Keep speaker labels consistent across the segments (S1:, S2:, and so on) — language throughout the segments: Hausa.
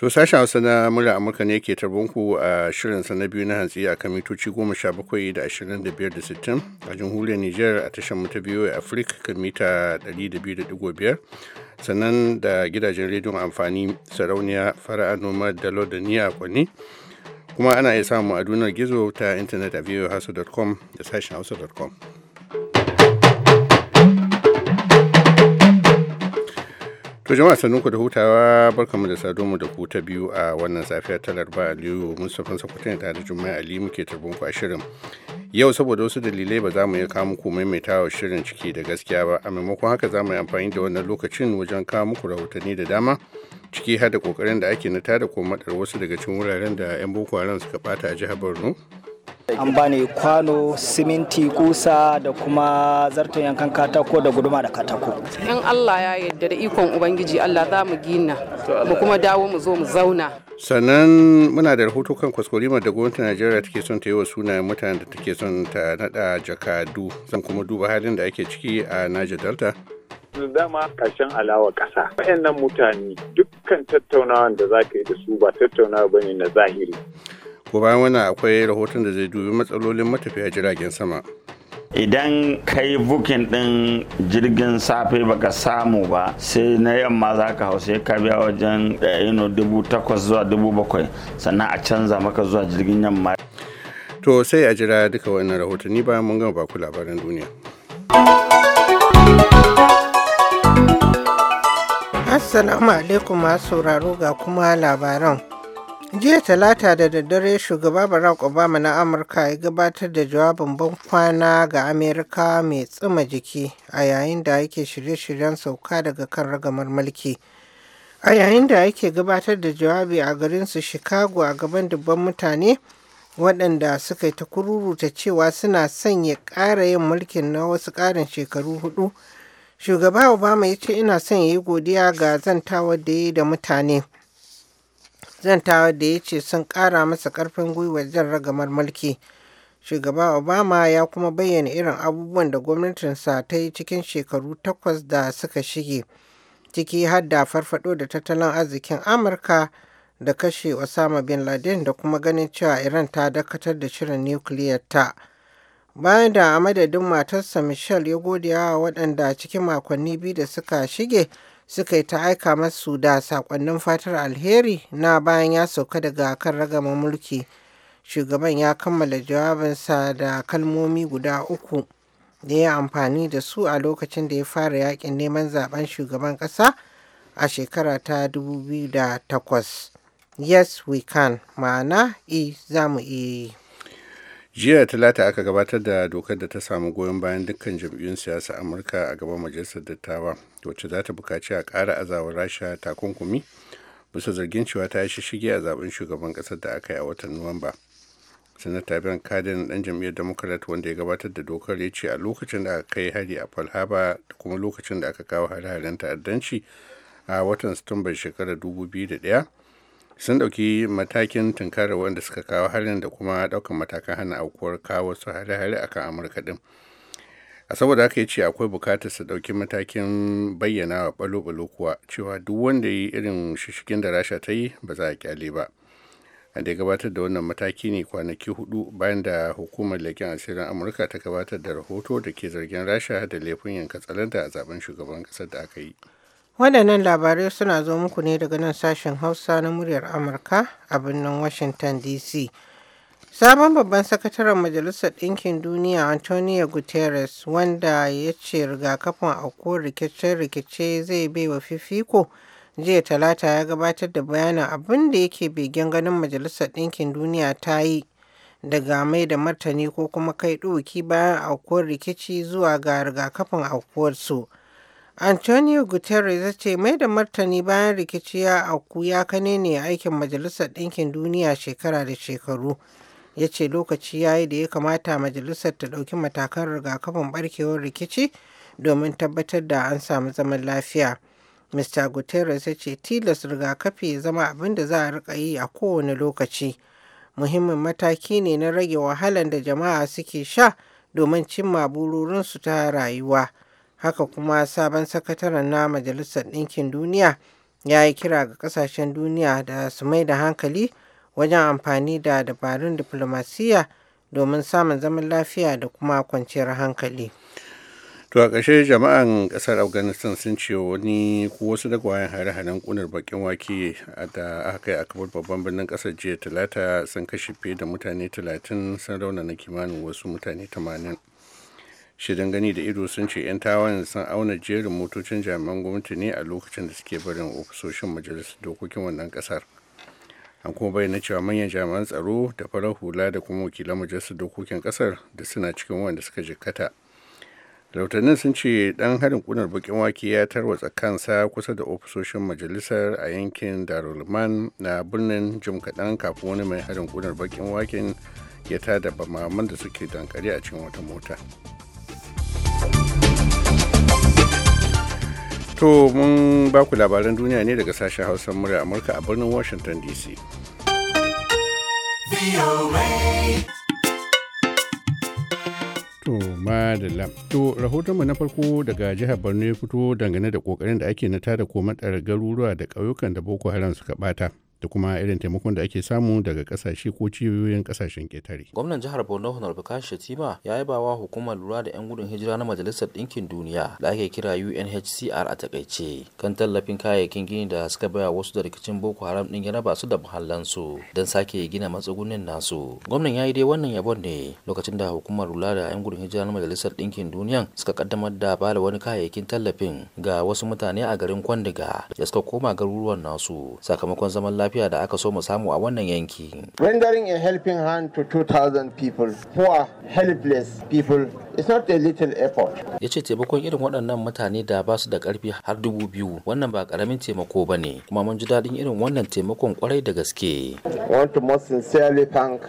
S1: To sashen Hausa na murya Amurka ne ke ku a shirin sa na biyu na hantsi a kan mitoci goma sha bakwai da ashirin da biyar da sittin a jamhuriyar Nijar a tashar mutu biyu a Afirka kan mita biyar. sannan da gidajen rediyon amfani sarauniya fara'a noma da a kwanne kuma ana iya samu a dunar gizo ta intanet a hausa.com da sashen hausa.com. To jama'a ku da hutawa barkamu da mu da ku ta biyu a wannan safiya ta Laraba Aliyu Mustapha Sokoto tare da juma'a Ali muke tarbin ku a shirin. Yau saboda wasu dalilai ba za mu iya kawo muku maimaitawa shirin ciki da gaskiya ba a maimakon haka za mu yi amfani da wannan lokacin wajen kawo muku rahotanni da dama ciki har da kokarin da ake na tada ko matsar wasu daga cikin wuraren da 'yan boko haram suka bata a jihar Borno
S2: an bani kwano siminti kusa da
S1: kuma
S2: zarton yankan katako da guduma da katako
S3: in allah ya yarda da ikon ubangiji allah za mu gina mu kuma dawo mu zo mu zauna
S1: sannan muna da rahoto kan kwaskwarima da gwamnatin najeriya take son ta yi wa sunayen mutanen da take son ta nada jakadu zan kuma duba halin da ake ciki a niger delta
S4: dama karshen alawa ƙasa. wayannan mutane dukkan tattaunawan da za ka yi da su ba tattaunawa bane na zahiri.
S1: ko bayan wannan akwai rahoton da zai dubi matsalolin matafiya jiragen sama idan kai bukin din jirgin safe baka samu ba sai na yamma za ka hau sai ka biya wajen ino eh, dubu takwas zuwa dubu bakwai sannan a canza maka zuwa jirgin yamma to sai a jira duka wannan rahotanni bayan mun gama baku labaran duniya
S5: assalamu alaikum masu sauraro ga kuma labaran jiya talata da daddare shugaba barack obama na amurka ya gabatar da jawabin ban kwana ga amerika mai tsima jiki a yayin da yake shirye-shiryen sauka daga kan ragamar mulki a yayin da yake gabatar da jawabi a garinsu chicago a gaban dubban mutane waɗanda suka yi ta kururuta cewa suna sanya ƙara yin mulkin na wasu ƙarin shekaru hudu shugaba obama ya ce ina son ya yi godiya ga zantawar da ya yi da mutane zantawa da ya ce sun ƙara masa karfin gwiwar zan ragamar mulki shugaba obama ya kuma bayyana irin abubuwan da gwamnatinsa ta yi cikin shekaru takwas da suka shige ciki har da farfado da tattalin arzikin amurka da kashe osama bin laden da kuma ganin cewa iran ta dakatar da shirin nukiliyar ta bayan da a madadin matarsa michelle ya gode wa waɗanda cikin makonni biyu da suka shige suka yi ta aika masu da saƙonnin fatar alheri na bayan ya sauka daga kan ragama mulki shugaban ya kammala jawabinsa da kalmomi guda uku da ya amfani da su a lokacin da ya fara yakin neman zaben shugaban ƙasa a shekara ta 2008 yes we can ma'ana e za mu iya eh. yi
S1: jiya talata aka gabatar da dokar da ta samu goyon bayan dukkan jam'iyyun siyasa amurka a gaban majalisar dattawa wacce za ta bukaci a ƙara azawar rasha takunkumi bisa zargin cewa ta yi shige a zaben shugaban ƙasar da aka yi a watan nuwamba sanata ben kadin dan jam'iyyar democrat wanda ya gabatar da dokar ya ce a lokacin da aka kai hari a falhaba da kuma lokacin da aka kawo hare-haren ta'addanci a watan satumbar shekarar 2001 sun ɗauki matakin tunkarar wanda suka kawo harin da kuma ɗaukan matakan hana aukuwar kawo su hare-hare kan amurka ɗin a saboda haka ya ce akwai bukatar su ɗauki matakin bayyana wa balo-balo kuwa cewa duk wanda yi irin shishigin da rasha ta yi ba za a kyale ba a da gabatar da wannan mataki ne kwanaki hudu bayan da hukumar leƙen asirin amurka ta gabatar da rahoto da ke zargin rasha da laifin yanka tsalanta a zaben shugaban ƙasar da aka yi
S5: Waɗannan labarai suna zo muku ne daga nan sashen Hausa na muryar Amurka a birnin Washington DC. Sabon babban sakataren Majalisar Ɗinkin Duniya Antonio Guterres wanda ya ce rigakafin aukuwar rikice-rikice zai bai wa fifiko jiya talata ya gabatar da bayanin abin da yake begen ganin Majalisar Ɗinkin Duniya ta yi daga mai da martani ko kuma kai ɗoki bayan aukuwar rikici zuwa ga rigakafin aukuwarsu. Antonio Guterres ya ce mai da martani bayan rikici ya auku ya kane ne aikin Majalisar Ɗinkin Duniya shekara da shekaru. Ya ce lokaci ya yi da ya kamata majalisar ta ɗauki matakan rigakafin barkewar rikici domin tabbatar da an samu zaman lafiya. Mr. Guterres ya ce tilas rigakafi ya zama abin da za a rika yi a kowane lokaci. Muhimmin mataki ne na rage wahalan da jama'a suke sha domin cimma bururinsu ta rayuwa. haka kuma sabon sakataren na majalisar ɗinkin duniya ya yi kira ga ƙasashen duniya da su mai da hankali wajen amfani da dabarun diflomasiyya domin samun zaman lafiya da kuma kwanciyar hankali.
S1: to a ƙarshe jama'an ƙasar afghanistan sun ce wani ko wasu dagwayen hare-haren kunar bakin wake da aka kai a kabar babban birnin ƙasar jiya talata sun kashe fiye da mutane talatin sun na kimanin wasu mutane tamanin. shirin gani da ido sun ce 'yan tawayen sun auna jerin motocin jami'an gwamnati ne a lokacin da suke barin ofisoshin majalisar dokokin wannan kasar an kuma bayyana cewa manyan jami'an tsaro da farar hula da kuma wakilan majalisar dokokin kasar da suna cikin wanda suka jikkata rautannin sun ce dan harin kunar bakin wake ya tarwatsa kansa kusa da ofisoshin majalisar a yankin darulman na birnin jim kaɗan kafin wani mai harin kunar bakin waken ya tada bamaman da suke dankari a cikin wata mota. To mun ba ku labaran duniya ne daga sashen Hausa murya Amurka a birnin Washington DC. To madalla. To rahotonmu na farko daga jihar Borno ya fito dangane da kokarin da ake na tada komatar garuruwa da ƙauyukan da Boko Haram suka bata. da kuma irin taimakon da ake samu daga kasashe ko cibiyoyin kasashen ketare.
S6: Gwamnan jihar Borno Honar Bukar Shatima ya yi bawa hukumar lura da 'yan gudun hijira na Majalisar Ɗinkin Duniya da ake kira UNHCR a takaice kan tallafin kayayyakin gini da suka baya wasu da rikicin Boko Haram ɗin ya raba su da muhallansu don sake gina matsugunin nasu. Gwamnan ya yi dai wannan yabon ne lokacin da hukumar lura da 'yan gudun hijira na Majalisar Ɗinkin Duniya suka kaddamar da bada wani kayayyakin tallafin ga wasu mutane a garin Kwandiga da suka koma garuruwan nasu sakamakon zaman lafiya lafiya da aka so mu samu a wannan yanki.
S1: Rendering a
S7: helping hand to 2,000 people, poor, helpless people, is not a little
S6: effort. Ya ce taimakon irin waɗannan mutane da ba su da ƙarfi har dubu biyu, wannan ba ƙaramin taimako ba ne, kuma mun ji daɗin irin wannan taimakon ƙwarai da gaske.
S8: I
S7: want to most sincerely thank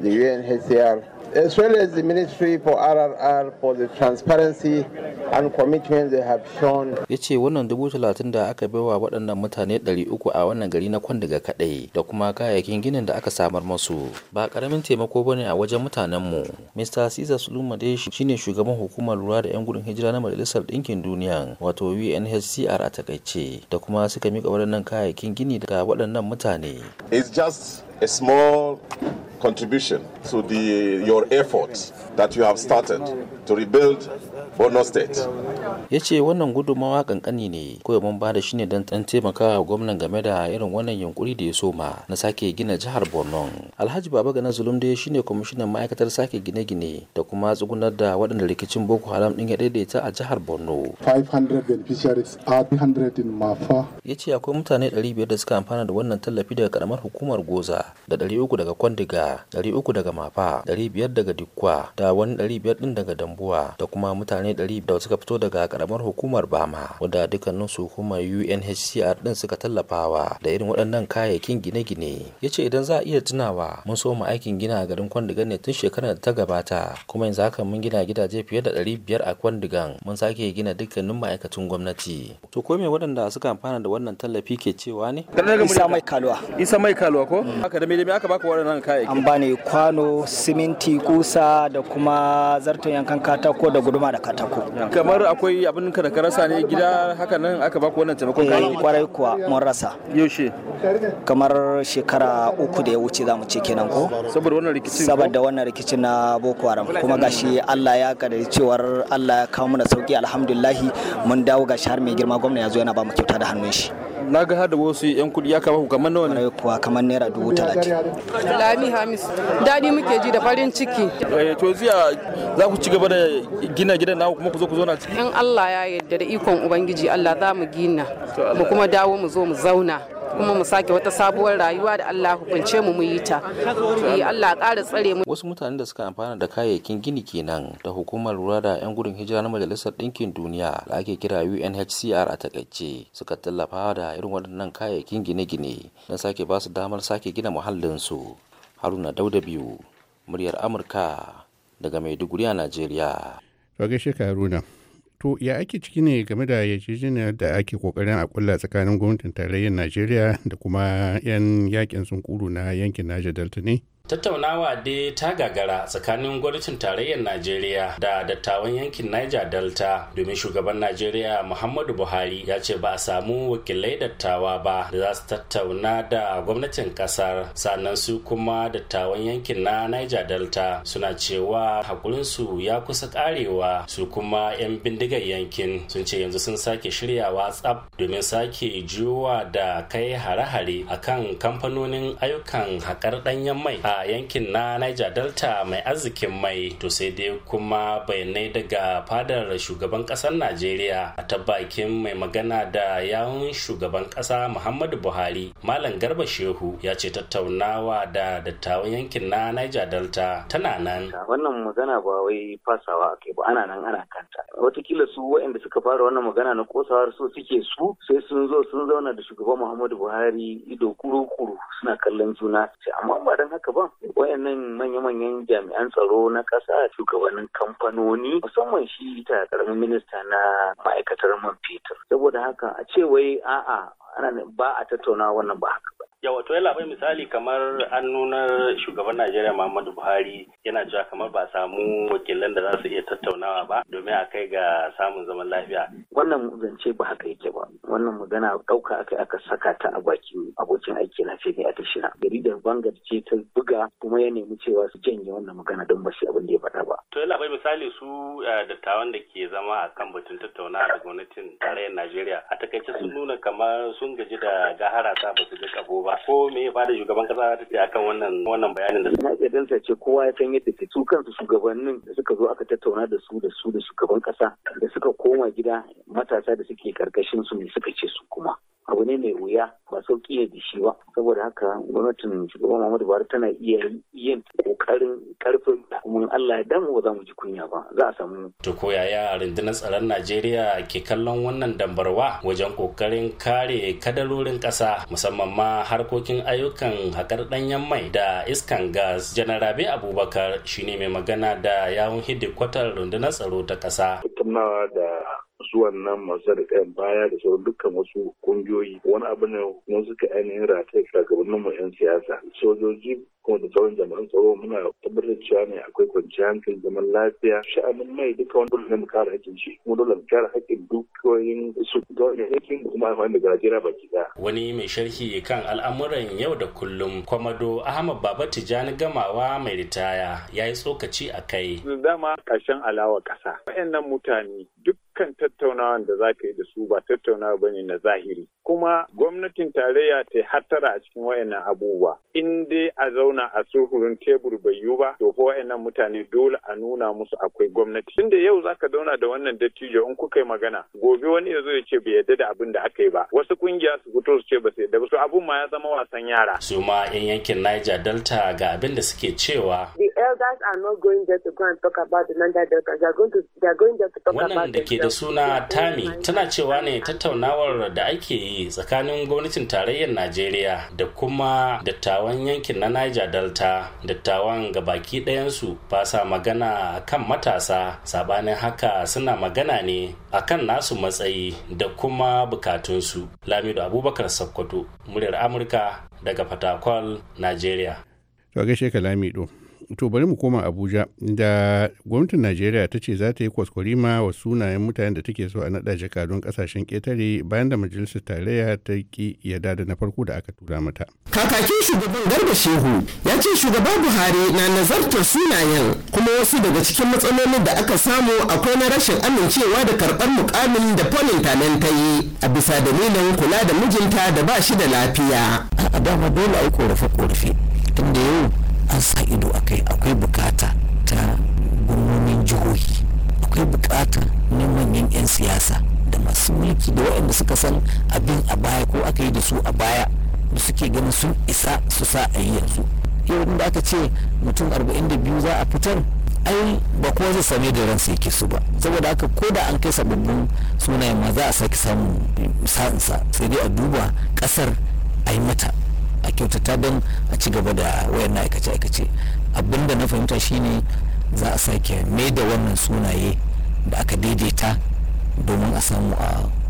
S7: the UNHCR as well as the Ministry for RRR for the transparency and commitment they have shown.
S6: Ya ce wannan dubu talatin da aka baiwa waɗannan mutane ɗari uku a wannan gari na kwan daga kaɗai da kuma kayayyakin ginin da aka samar masu. Ba ƙaramin taimako ba ne a wajen mutanenmu. Mr. Cesar Suluma dai shine shugaban hukumar lura da 'yan gudun hijira na Majalisar Ɗinkin Duniya wato UNHCR a takaice da kuma suka miƙa waɗannan kayayyakin gini ga waɗannan mutane.
S9: It's just a small contribution to the, your efforts that you have started to rebuild Borno State.
S6: Ya ce wannan gudummawa kankani ne kawai mun bada shi ne don ɗan taimaka wa gwamnan game da irin wannan yunkuri da ya soma na sake gina jihar Borno. Alhaji Baba Gana Zulumde shi ne kwamishinan ma'aikatar sake gine-gine da kuma tsugunar da waɗanda rikicin Boko Haram ɗin ya daidaita a jihar Borno.
S2: 500 beneficiaries, in Mafa.
S6: Ya ce akwai mutane 500 da suka amfana da wannan tallafi daga karamar hukumar Goza da 300 daga Kwandiga, 300 daga Mafa, 500 daga Dikwa da wani 500 ɗin daga Dambuwa da kuma mutane mutane 100 da suka fito daga karamar hukumar Bama wadda dukkanin su hukumar UNHCR din suka tallafawa da irin waɗannan kayayyakin gine-gine. Ya ce idan za a iya tunawa mun so mu aikin gina a garin Kwandigan ne tun shekarar da ta gabata kuma yanzu haka mun gina gidaje fiye da 500 a Kwandigan mun sake gina dukkanin ma'aikatun gwamnati. To ko me waɗanda suka amfana da wannan tallafi ke cewa ne? Isa mai kaluwa. Isa mai kaluwa ko? Haka da me me aka baka waɗannan kayayyaki? An
S2: bani kwano, siminti, kusa da kuma zarton yankan katako da guduma da kala. tako
S6: kamar akwai abin ka da rasa ne gida haka nan aka baku wannan taimakon kayan eh, kwarai kuwa mun rasa
S2: yaushe kamar shekara uku da ya wuce za mu ce kenan ko saboda wannan rikicin saboda wannan rikicin na boko haram kuma gashi Allah ya kadari cewar Allah ya kawo mana sauki alhamdulillah mun dawo gashi har mai girma gwamna ya zo yana ba mu kyauta da hannun shi
S6: na ga hada wasu yan kuɗi ya kama ku kamar nawa ne kuwa kamar naira dubu talatin
S3: lami hamis
S6: dadi muke ji da farin ciki eh, to ziya za ku ci gaba da gina gidan na kuma ku zo ku zauna ciki in
S3: Allah ya yarda da ikon ubangiji Allah za mu gina mu kuma dawo mu zo mu zauna kuma mu sake wata sabuwar rayuwa da Allah hukunce mu muyi yi ta
S10: eh,
S3: Allah ƙara
S6: tsare mu wasu mutanen da suka amfana da kayayyakin gini kenan da hukumar lura da yan gudun hijira na majalisar ɗinkin duniya da ake kira UNHCR a takaice suka tallafa da irin waɗannan kayayyakin gine-gine don sake ba su damar sake gina muhallinsu Haruna Dauda biyu muryar Amurka daga Maiduguri a Najeriya.
S1: Ga gaishe Haruna. To ya ake ciki ne game da yarjejeniyar da ake kokarin a kulla tsakanin gwamnatin tarayyar Najeriya da kuma 'yan yakin sun na yankin Niger Delta ne?
S3: tattaunawa dai ta gagara tsakanin gwamnatin tarayyar najeriya da dattawan yankin niger delta domin shugaban najeriya muhammadu buhari ya ce ba a samu wakilai dattawa ba da za su tattauna da gwamnatin kasar sannan su kuma dattawan yankin na niger delta suna cewa hakurinsu ya kusa karewa su kuma 'yan bindigar yankin sun ce yanzu sun sake shiryawa tsab domin sake juwa da kai hare-hare akan kamfanonin ayyukan haƙar ɗanyen mai a yankin na niger delta mai arzikin mai to sai dai kuma bayanai daga fadar shugaban kasar najeriya a tabbakin mai magana da yawun shugaban kasa muhammadu buhari malam garba shehu ya ce tattaunawa da dattawan yankin na niger delta tana nan
S11: wannan magana ba wai fasawa kai ba ana nan ana kanta watakila su waɗanda suka fara wannan magana na kosawar so suke su sai sun zo sun zauna da shugaban muhammadu buhari ido kuru-kuru suna kallon juna amma ba don haka ba abubuwan wayannan manya-manyan jami'an tsaro na ƙasa shugabannin kamfanoni musamman shi ta karamin minista na ma'aikatar man fetur saboda haka a ce wai a'a ana ba a tattauna wannan ba haka ba
S3: yawa to yana bai misali kamar an nuna shugaban najeriya muhammadu buhari yana cewa kamar ba samu wakilan da za su iya tattaunawa ba domin a kai ga samun zaman lafiya
S11: wannan zance ba haka yake ba wannan magana ɗauka aka aka saka ta a bakin abokin aiki na femi a tashina jaridar bangar ce ta buga kuma ya nemi cewa su janye wannan magana don ba su abin da ya faɗa ba
S3: to yana bai misali su eh, dattawan da ke zama a kan batun tattaunawa da gwamnatin tarayyar najeriya a takaice sun nuna kamar sun gaji da gahara ta ba su ga kabo ba ko me ya bada shugaban kasa ta ce akan wannan wannan bayanin da
S11: na ke dansa ce kowa ya san yadda ke su kansu shugabannin da suka zo aka tattauna da su da su da shugaban kasa da suka koma gida matasa da suke karkashin su ne suka ce su kuma abu ne mai wuya ba sauki ya da shi ba saboda haka gwamnatin shugaban Muhammadu Buhari tana iya yin kokarin karfin mun Allah ya damu ba za mu ji kunya ba za a samu
S3: to ko yaya rundunar tsaron Najeriya ke kallon wannan dambarwa wajen kokarin kare kadarorin ƙasa musamman ma harkokin ayyukan hakar ɗanyen mai da iskan gas Rabi abubakar shine mai magana da yawun hidikwatar rundunar tsaro ta kasa
S2: da zuwan nan masu da kayan baya da sauran dukkan wasu kungiyoyi wani abu ne kuma suka ainihin rataye shugabannin mu 'yan siyasa sojoji kuma da sauran jami'an
S4: tsaro muna tabbatar cewa ne akwai kwanciyar hankali zaman lafiya sha'anin mai duka wani dole ne mu kare hakkin shi kuma dole mu kare hakkin dukkanin su gwamnatin kuma amfani da gajera baki daya.
S3: wani mai sharhi kan al'amuran yau da kullum kwamado ahmad baba tijjani gamawa mai ritaya ya yi tsokaci a kai.
S9: dama ƙarshen alawa ƙasa. waɗannan mutane duk dukkan tattaunawan da za ka yi da su ba tattaunawa ba ne na zahiri kuma gwamnatin tarayya ta hattara a cikin wayannan abubuwa in dai a zauna a sulhurin tebur bai yiwu ba to fa wayannan mutane dole a nuna musu akwai gwamnati tunda yau zaka zauna da wannan dattijo in kuka yi magana gobe wani ya zo ya ce bai yadda da abin da aka yi ba wasu kungiya su fito su ce ba su yadda ba su abun ma ya zama wasan
S3: yara su ma yan yankin Niger Delta ga abin da suke cewa
S7: the elders are not going there to talk about the Niger they are going they are going there to talk wannan da ke da
S3: suna Tami tana cewa ne tattaunawar da ake yi yi tsakanin gwamnatin tarayyar najeriya da kuma dattawan yankin na niger delta dattawan ga baki ɗayansu ba sa magana kan matasa sabanin haka suna magana ne akan nasu matsayi da kuma bukatunsu lamido abubakar sakkwato muryar amurka daga fatakwal najeriya
S1: to gaishe ka lamido to bari mu koma abuja da gwamnatin najeriya ta ce za ta yi ma wa sunayen mutanen da take so a naɗa jakadun kasashen ketare bayan da majalisar tarayya ta ki yada da na farko da aka tura mata kakakin shugaban garba shehu
S8: ya ce shugaba buhari na nazartar sunayen kuma wasu daga cikin matsalolin da aka samu akwai na rashin amincewa da karɓar mukamin da polin tanen ta yi a bisa dalilin kula da mijinta
S12: da ba shi da lafiya a dama dole a yi korafe-korafe tun da yau an sa ido a kai akwai bukata ta gwamnonin jihohi akwai bukata na manyan 'yan siyasa da masu mulki da waɗanda suka san abin a baya ko aka yi da su a baya da suke ganin sun isa su sa a yi yanzu yau da aka ce mutum 42 za a fitar ai ba kowa zai same da ransa yake so ba saboda haka ko da an kai sababbin sunayen ma za a sake samun sa'insa sai dai a duba kasar a yi mata a kyautata don a ci gaba da wayan aikace-aikace abinda na fahimta shine za a sake mai da wannan sunaye da aka daidaita domin a samu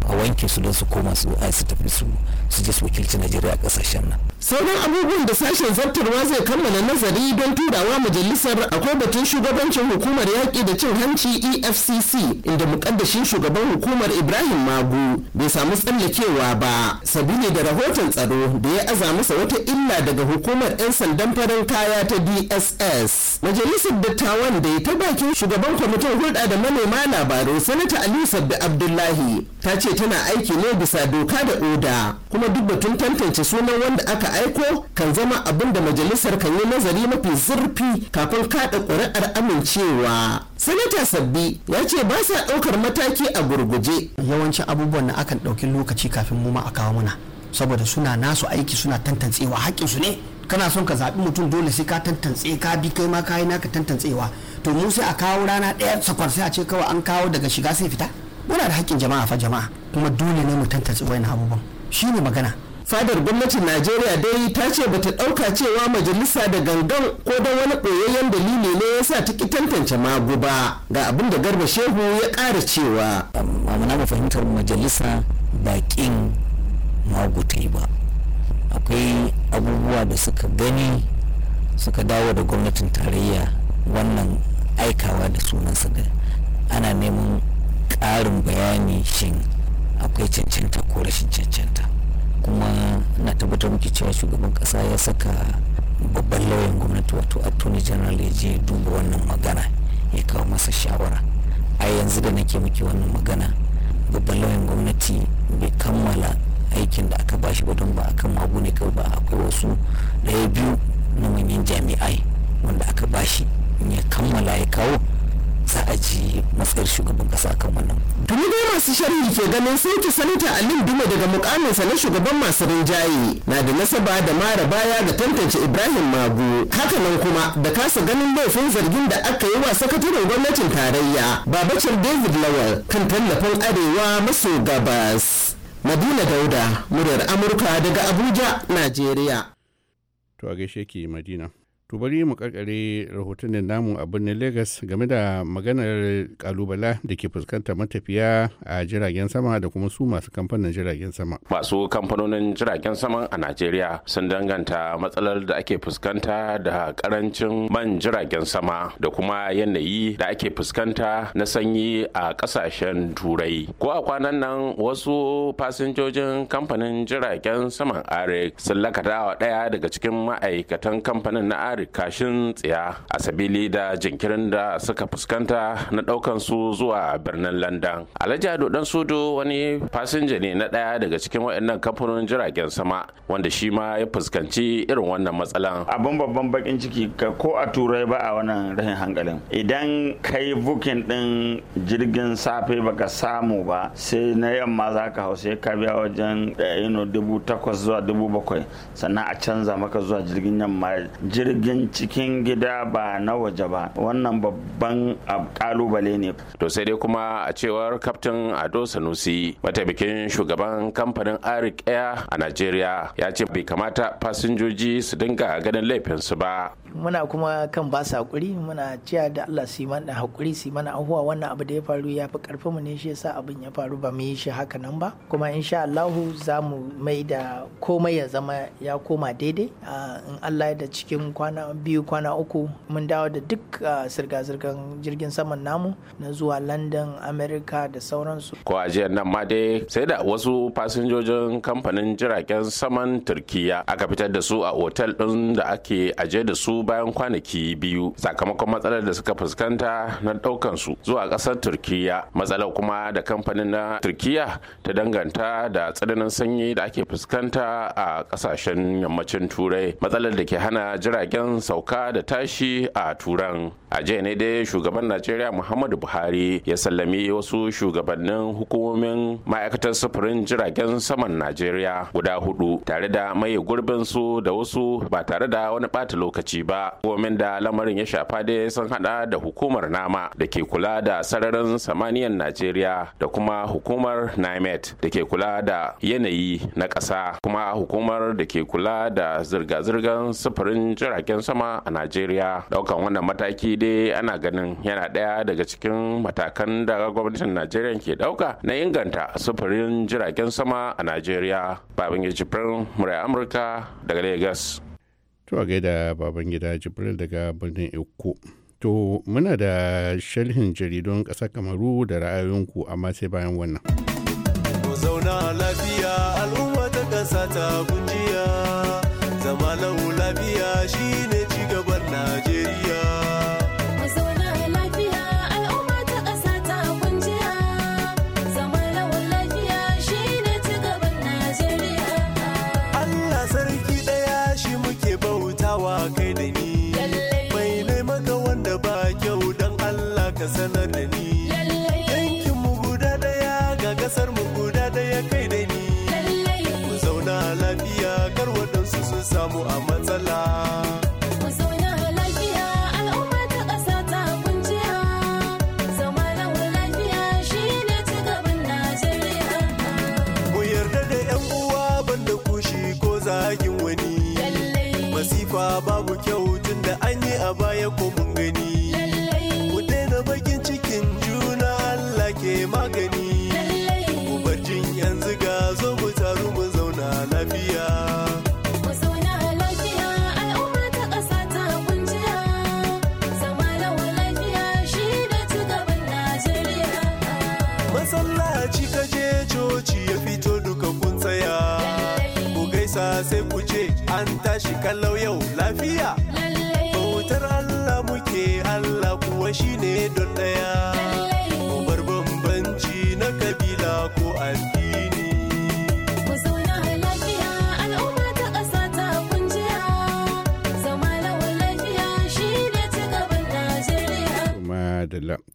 S12: a wanke su don su koma su a su tafi su su je wakilci najeriya kasashen nan
S8: sauran abubuwan da sashen zartarwa zai kammala nazari don turawa majalisar akwai batun shugabancin hukumar yaƙi da cin hanci efcc inda mukaddashin shugaban hukumar ibrahim magu bai samu tsallakewa ba sabili da rahoton tsaro da ya aza masa wata illa daga hukumar 'yan sandan farin kaya ta dss majalisar dattawan da ya ta bakin shugaban kwamitin hulɗa da manema labaru sanata aliyu sabda abdullahi ta ce tana aiki ne bisa doka da oda kuma duk batun tantance sunan wanda aka aiko kan zama abin da majalisar kan yi nazari mafi zurfi kafin kada ƙuri'ar amincewa sanata sabbi ya ce ba sa ɗaukar mataki a gurguje yawancin abubuwan na akan ɗauki lokaci kafin mu ma a kawo muna saboda suna nasu aiki suna tantancewa su ne kana son ka zaɓi mutum dole sai ka tantance ka bi kai ma kayi naka tantancewa to mu sai a kawo rana ɗaya sakwar sai a ce kawai an kawo daga shiga sai fita muna da haƙƙin jama'a fa jama'a kuma dole ne mu tantance wayan abubuwan shine magana fadar gwamnatin najeriya dai ta ce bata dauka cewa majalisa da gangan ko don wani ɓoyayyen dalili ne ya sa ta ki tantance magu ba ga abin da garba shehu ya ƙara
S12: cewa amma na fahimtar majalisa baƙin magu ta ba akwai abubuwa da suka gani suka dawo da gwamnatin tarayya wannan aikawa da sunansa da ana neman ƙarin bayani shin akwai cancanta ko rashin cancanta kuma na tabbatar muke cewa shugaban kasa ya saka babban lauyan gwamnati wato attorney general ya je duba wannan magana ya kawo masa shawara a yanzu da nake muke wannan magana babban lauyan gwamnati bai kammala aikin da aka bashi ba don ba akan magu ne kawai ba akwai wasu ɗaya biyu na manyan jami'ai wanda aka bashi ya kammala ya kawo za a ji matsayar shugaban kasa kan wannan.
S8: Tuni dai masu sharhi ke ganin ki sanata Alim Dume daga mukaminsa na shugaban masu rinjaye na da nasaba da mara baya da tantance Ibrahim Magu. haka nan kuma da kasa ganin laifin zargin da aka yi wa sakataren gwamnatin tarayya Babacin David Lawal kan tallafin Arewa maso gabas. Madina Dauda, muryar Amurka daga Abuja,
S1: Najeriya. To a gaishe ki Madina. To bari mu kakare rahotannin namu a birnin Legas game da maganar kalubala da ke fuskanta matafiya a jiragen sama da kuma su masu kamfanin jiragen sama.
S9: Masu kamfanonin jiragen sama a Najeriya sun danganta matsalar da ake fuskanta da karancin man jiragen sama da kuma yanayi da ake fuskanta na sanyi a kasashen turai. Ko a kwanan nan wasu fasinjojin kamfanin jiragen saman Arik sun lakata ɗaya daga cikin ma'aikatan kamfanin na Arik kashin tsaya a sabili da jinkirin da suka fuskanta na daukan su zuwa birnin london alhaji ado dan sodo wani fasinja ne na daya daga cikin waɗannan kamfanonin jiragen sama wanda shi ma ya fuskanci irin wannan matsalan abin babban bakin ciki ko a turai ba a wannan rahin hankalin idan kai bukin din jirgin safe
S4: baka samu ba sai na yamma za ka hau sai ka biya wajen eh, dubu takwas zuwa dubu bakwai sannan a canza maka zuwa jirgin yamma jirgin jirgin cikin
S3: gida
S9: ba na waje ba wannan babban kalubale ne to sai dai kuma a cewar kaftin ado sanusi mataimakin shugaban kamfanin arik air a nigeria ya ce bai kamata fasinjoji su dinga ganin laifinsu ba
S5: muna kuma kan ba su hakuri muna ciya da Allah su yi mana hakuri su yi mana ahuwa wannan abu da ya faru ya fi karfin mu ne shi yasa abin ya faru ba mu yi shi haka nan ba kuma insha Allahu za mu mai da komai ya zama ya koma daidai ah, in Allah ya da cikin kwana kwana biyu kwana uku mun dawo da duk ah, zirga-zirgan jirgin saman namu na zuwa london america da sauransu
S9: ko ajiyar nan ma dai sai da wasu fasinjojin kamfanin jiragen saman turkiya aka fitar da su a otel din da ake aje da su bayan kwanaki biyu sakamakon matsalar da suka fuskanta na ɗaukan su zuwa ƙasar turkiya matsalar kuma da kamfanin na turkiya ta danganta da tsananin sanyi da ake fuskanta a kasashen yammacin turai matsalar da ke hana jiragen wajen sauka da tashi a turan a jiya ne dai shugaban najeriya muhammadu buhari ya sallami wasu shugabannin hukumomin ma'aikatar sufurin jiragen saman najeriya guda hudu tare da maye gurbin su da wasu ba tare da wani bata lokaci ba hukumomin da lamarin ya shafa dai sun hada da hukumar nama da ke kula da sararin samaniyar najeriya da kuma hukumar nimet da ke kula da yanayi na ƙasa kuma hukumar da ke kula da zirga-zirgar sufurin jiragen jiragen sama a najeriya daukan wannan mataki dai ana ganin yana ɗaya daga cikin matakan da gwamnatin najeriya ke dauka na inganta sufurin jiragen sama a najeriya babin jibril murai amurka daga lagos
S1: to a gaida babangida jibril daga birnin eko to muna da sharhin jaridun ƙasar kamaru da ra'ayoyinku amma sai bayan wannan
S10: zauna lafiya al'umma ta ƙasa ta kunjiya kanmu a matsala ku zauna lafiya al'umma ta ƙasa ta kunciya zama lafiya shine ci gaban najeriya mu yarda da yan uwa banda kushi ko zagin wani masifa babu kyau tunda an yi a baya kuma kalau yau lafiya bautar Allah muke Allah kuwa shine don daya bar bambanci na kabila ko addini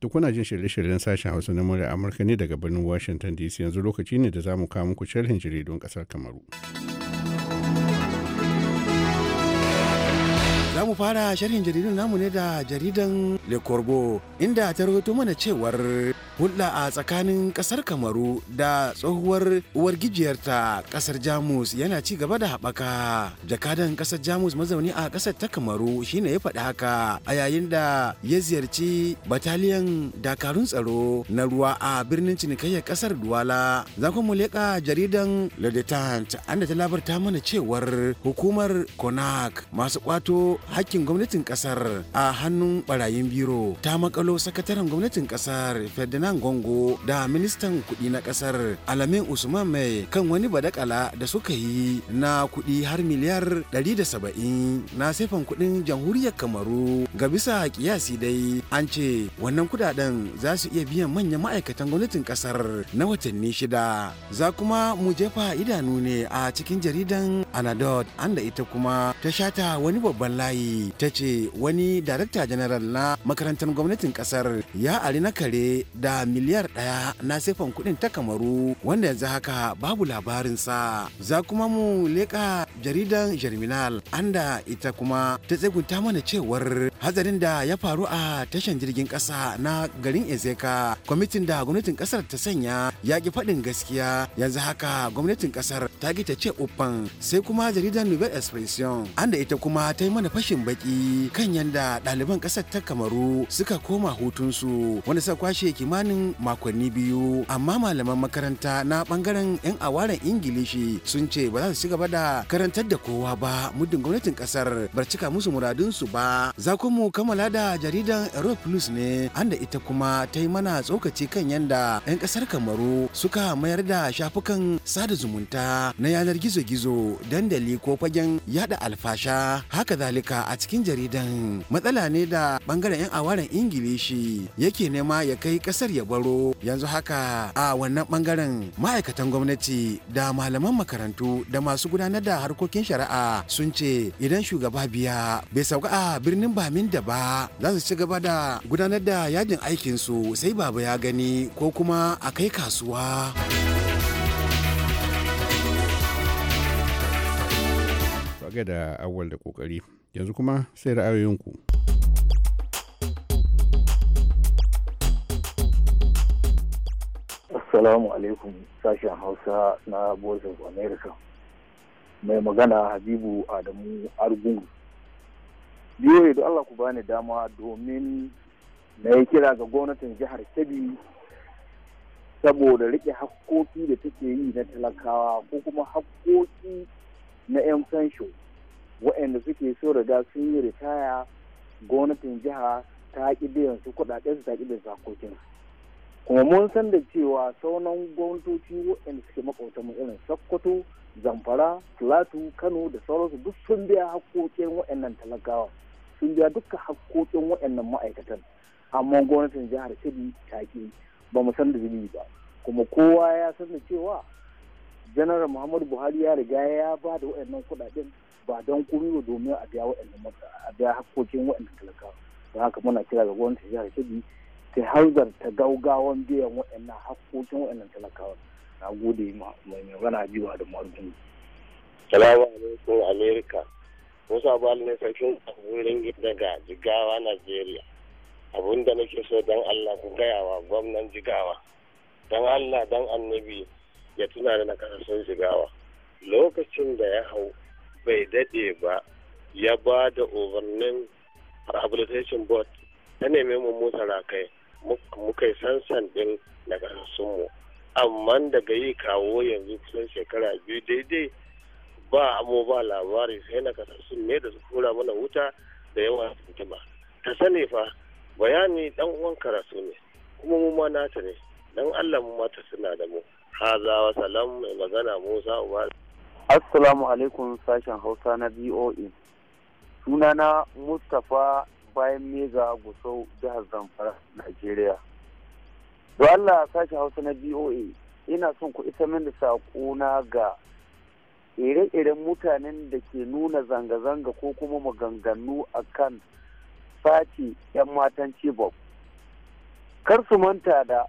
S1: Duk kuna jin shirye-shiryen sashen Hausa na murya Amurka ne daga birnin Washington DC yanzu lokaci ne da za mu kawo muku sharhin jaridun kasar Kamaru. fara shirin jaridun
S7: namu ne da jaridan Le inda ta rahoto mana cewar hulɗa a tsakanin ƙasar kamaru da tsohuwar uwargijiyarta ƙasar jamus yana ci gaba da haɓaka jakadan ƙasar jamus mazauni a ƙasar ta kamaru shine ya faɗi haka a yayin da ya ziyarci bataliyan dakarun tsaro na ruwa a birnin cinikayyar ƙasar duwala za mu leƙa jaridan le an da ta labarta mana cewar hukumar konak masu kwato hakkin gwamnatin ƙasar a hannun barayin biro ta makalo sakataren gwamnatin ƙasar ferdinand nan Gongo da ministan kuɗi na ƙasar Alamin Usman Mai kan wani badakala da suka yi na kuɗi har miliyar 170 na sefan kuɗin jamhuriyar Kamaru ga bisa kiyasi dai an ce wannan kudaden za su iya biyan manyan ma'aikatan gwamnatin ƙasar na watanni shida. Za kuma mu jefa idanu ne a cikin jaridan Anadot an da ita kuma ta shata wani babban layi ta ce wani darakta janaral na makarantar gwamnatin ƙasar ya ari na kare da miliyar ɗaya na sefan kuɗin ta kamaru wanda yanzu haka babu labarinsa za kuma mu leƙa jaridan germinal anda ita kuma ta tsegunta mana cewar hatsarin da ya faru a tashan jirgin ƙasa na garin ezeka kwamitin da gwamnatin ƙasar ta sanya ya ki faɗin gaskiya yanzu haka gwamnatin ƙasar ta ta ce uffan sai kuma jaridan nouvelle expression anda ita kuma ta yi mana fashin baki kan yanda ɗaliban ƙasar ta kamaru suka koma hutunsu wanda suka kwashe kimanin kimanin makonni biyu amma malaman makaranta na bangaren 'yan awaren ingilishi sun ce ba za su ci gaba da karantar da kowa ba muddin gwamnatin kasar bar cika musu muradunsu ba za mu kammala da jaridan europe plus ne anda ita kuma ta yi mana tsokaci kan yanda 'yan kasar kamaru suka mayar da shafukan sada zumunta na yanar gizo-gizo dandali ko fagen yada alfasha haka zalika a cikin jaridan matsala ne da bangaren 'yan awaren ingilishi yake nema ya kai kasar kar ya baro yanzu haka a wannan bangaren ma'aikatan gwamnati da malaman makarantu da masu gudanar da harkokin shari'a sun ce idan shugaba biya bai sauka a birnin bamin da ba za su ci gaba da gudanar da yajin aikinsu sai baba ya gani ko kuma a kai kasuwa.
S1: ga awal da kokari yanzu kuma sai ra'ayoyinku
S4: Assalamu alaikum sashen Hausa na Voice of America.
S2: Mai magana Habibu Adamu Argungu. Biyo da Allah ku bani dama domin na yi kira ga gwamnatin jihar Kebbi
S4: saboda rike
S2: hakkoki da take yi na talakawa ko kuma hakkoki na 'yan fansho waɗanda suke so riga sun yi ritaya gwamnatin jiha ta ƙi biyan su kuɗaɗen su ta ƙi biyan su kuma mun san da cewa sauran gwamnatoci waɗanda suke makwauta mu irin sokoto zamfara filatu kano da sauransu duk sun biya hakkokin waɗannan talakawa sun biya duka hakkokin waɗannan ma'aikatan amma gwamnatin jihar kebbi ta ke ba mu san da zubi ba kuma kowa
S4: ya san da cewa
S2: janar muhammadu buhari ya riga ya ba da waɗannan kuɗaɗen ba don komi domin a biya waɗannan a biya hakkokin waɗannan talakawa don haka muna kira ga gwamnatin jihar kebbi ta hanzarta gaugawan biyan waɗannan hakkokin waɗannan talakawa na gode mai magana biyuwa da margin
S4: salamu alaikum america musa bali ne sarkin wurin daga jigawa najeriya abun da nake so don allah ku gaya wa gwamnan jigawa don allah don annabi ya tuna da nakasassun jigawa lokacin da ya hau bai daɗe ba ya ba da overnin rehabilitation board ta neme mu musa rakai muka yi sansan din na mu amma daga yi kawo yanzu kusan shekara biyu daidai ba amo ba labari sai na ne da su kura mana wuta da yawa tuntuba ta sani fa bayani dan uwan karatu ne kuma mu ma nata ne dan Allah mu mata suna da mu haza wa salam mai magana Musa Uba Assalamu alaikum sashen Hausa na BOA sunana Mustapha bayan mega gusau jihar zamfara najeriya don allah sashi hausa na boa ina son ku isa min da saƙona ga ire-iren mutanen da ke nuna zanga-zanga ko kuma maganganu a kan sace 'yan matan cibok kar su manta da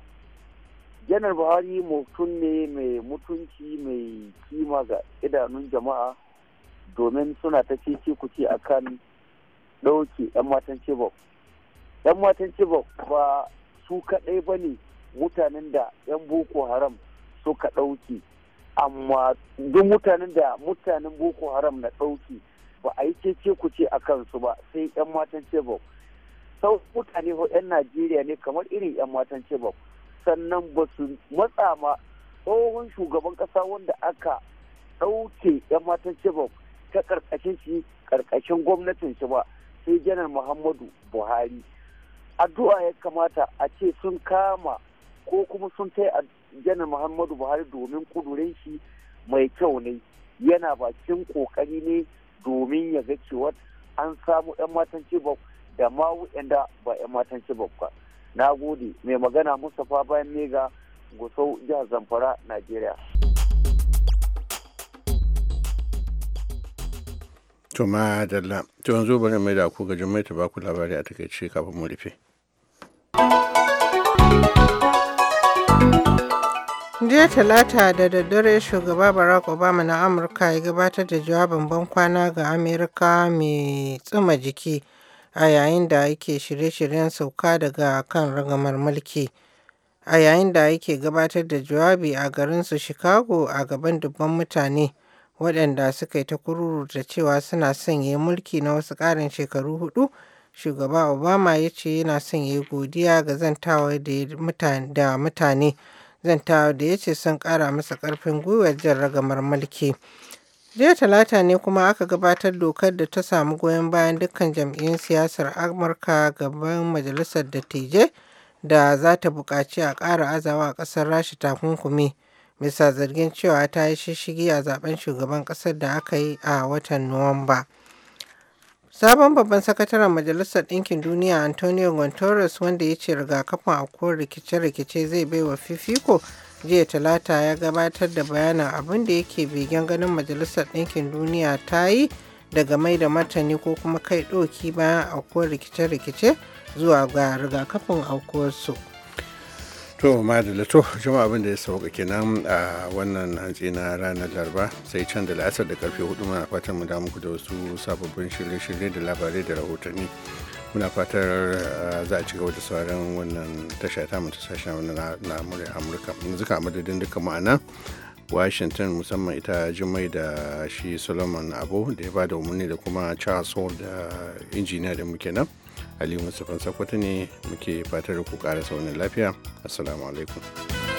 S4: janar buhari mutum ne mai mutunci mai kima ga idanun jama'a domin suna ta ku ce a kan. ɗauke 'yan matan Chibok. 'Yan matan ba su kaɗai ba ne mutanen da 'yan Boko Haram suka ɗauke. Amma duk mutanen da mutanen Boko Haram na ɗauke ba a yi cece ku ce a kansu ba sai 'yan matan Chibok. Sau mutane 'yan Najeriya ne kamar irin 'yan matan Chibok. Sannan ba su matsa ma tsohon shugaban ƙasa wanda aka ɗauke 'yan matan Chibok ta ƙarƙashin shi ƙarƙashin gwamnatin shi ba. sai janar muhammadu buhari addu'a ya kamata a ce sun kama ko kuma sun kai a janar muhammadu buhari domin kudurin shi mai kyau ne yana bakin kokari ne domin ya ga cewa an samu 'yan matan cibok da ma wa'anda ba 'yan matan cibok ba na gode mai magana mustapha bayan mega gusau jihar zamfara nigeria.
S1: To ma dalla to yanzu bari mai da ku ga jami'ai ta baku labari a takaice kafin mu rufe.
S5: jiya talata da daddare shugaba barack obama na amurka ya gabatar da jawabin ban kwana ga amerika mai tsuma jiki a yayin da yake shirye-shiryen sauka daga kan ragamar mulki a yayin da yake gabatar da jawabi a garinsu chicago a gaban dubban mutane waɗanda suka yi ta kururuta cewa suna sanya mulki na wasu ƙarin shekaru hudu shugaba obama ya ce yana sanya godiya ga zantawa da mutane zantawa da ya ce sun ƙara masa ƙarfin gwiwar jan ragamar mulki jiya talata ne kuma aka gabatar dokar da ta samu goyon bayan dukkan jam'iyyun siyasar amurka gaban majalisar dattijai da za ta buƙaci a ƙara azawa a ƙasar rasha takunkumi bisa zargin cewa ta yi shishigi a zaben shugaban kasar da aka yi a watan Nuwamba. Sabon babban sakataren Majalisar Ɗinkin Duniya Antonio Guterres wanda ya ce rigakafin aukuwar rikice-rikice zai baiwa fifiko jiya talata ya gabatar da bayanin abin da yake begen ganin Majalisar Ɗinkin Duniya ta yi daga mai da martani ko kuma kai ɗoki bayan aukuwar rikice-rikice zuwa ga rigakafin aukuwarsu.
S1: to da lato jama'a abin da ya sauka kenan a wannan hantsi na ranar laraba sai can da la'asar da karfe hudu muna fatan mu damu da wasu sababbin shirye-shirye da labarai da rahotanni muna fatar eh, za a ci gaba da sauran wannan tasha ta mutu sashen na amurka yanzu ka madadin duka ma'ana washington musamman ita jimai da shi solomon abu da ya ba bada umarni da kuma charles hall da eh, injiniya da muke nan aliyu mustapha sakwato ne muke fatar ku ƙara saunin lafiya assalamu alaikum